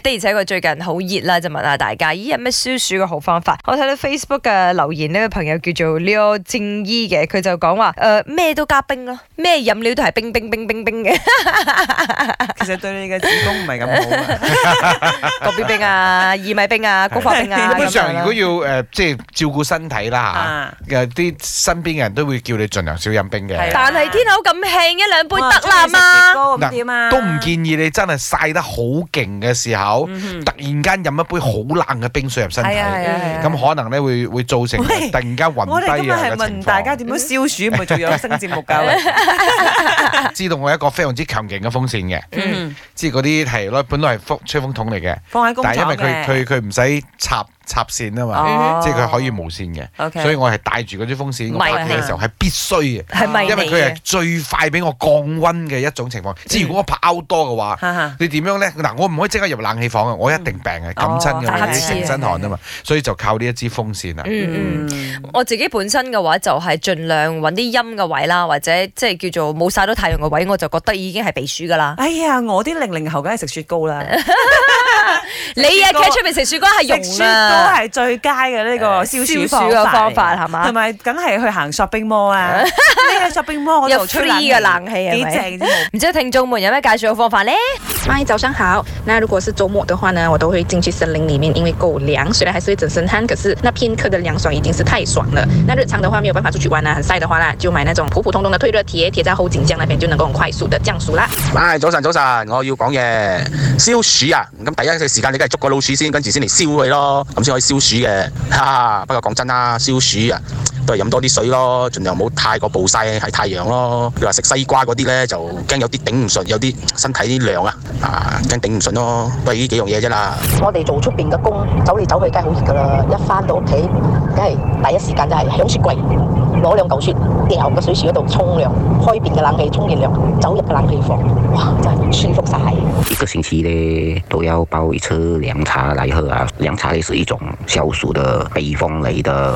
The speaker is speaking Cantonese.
的而且佢最近好熱啦，就問下大家，咦、哎，有咩消暑嘅好方法？我睇到 Facebook 嘅留言呢咧，呢個、朋友叫做 Leo 正醫嘅，佢就講話誒咩都加冰咯，咩飲料都係冰冰冰冰冰嘅。 其實對你嘅子宮唔係咁好啊，冰 冰啊，薏米冰啊，菊花冰啊。 樣基本上如果要誒即係照顧身體啦嚇，啲、 啊、身邊嘅人都會叫你儘量少飲冰嘅。啊、但係天口咁慶一兩杯得啦嘛，都唔建議你真係曬得好勁嘅時候。啊啊嗯、突然間飲一杯好冷嘅冰水入身體，咁、嗯、哼可能咧會會造成突然間暈低啊嘅情況。我哋今日係問大家點樣消暑，咪做 養生節目噶。 知道我一個非常之強勁嘅風扇嘅，即係嗰啲係攞本來係風吹風筒嚟嘅，但係因為佢佢佢唔使插。插線啊嘛，即係佢可以無線嘅，所以我係帶住嗰支風扇。我拍戲嘅時候係必須嘅，係因為佢係最快俾我降溫嘅一種情況。即係如果我拍 out 多嘅話，你點樣咧？嗱，我唔可以即刻入冷氣房啊！我一定病嘅，感親嘅，成身汗啊嘛，所以就靠呢一支風扇啦。嗯嗯，我自己本身嘅話就係盡量搵啲陰嘅位啦，或者即係叫做冇曬到太陽嘅位，我就覺得已經係避暑㗎啦。哎呀，我啲零零後梗係食雪糕啦。你啊，喺出面食雪糕係用雪糕係最佳嘅呢、這個消暑方法，同埋梗係去行 shopping mall 啊！呢個 shopping mall 有 free 嘅冷氣，係咪？唔知聽眾們有咩介紹嘅方法咧？阿早上好，那如果是周末嘅話呢，我都會進去森林裏面，因為夠涼，雖然還是會整身汗，可是那片刻嘅涼爽已經是太爽啦。那日常嘅話，沒有辦法出去玩啊，很晒嘅話啦，就買那種普普通通嘅退熱貼，貼在後頸頸嗰邊，就能夠快速嘅降暑啦。喂，早晨早晨，我要講嘢，消暑啊！咁第一時間。你梗係捉個老鼠先，跟住先嚟燒佢咯，咁先可以消暑嘅。吓、啊，不過講真啦，消暑啊，都係飲多啲水咯，盡量唔好太過暴曬喺太陽咯。你話食西瓜嗰啲咧，就驚有啲頂唔順，有啲身體啲涼啊，啊，驚頂唔順咯。都係呢幾樣嘢啫啦。我哋做出邊嘅工，走嚟走去，梗係好熱噶啦。一返到屋企，梗係第一時間就係、是、響雪櫃。攞兩嚿雪掉個水池嗰度沖涼，開邊嘅冷氣，沖完涼，走入個冷氣房，哇，真係舒服晒。一個星期咧都要煲一次涼茶嚟喝啊！涼茶咧是一種消暑的、避風雷的。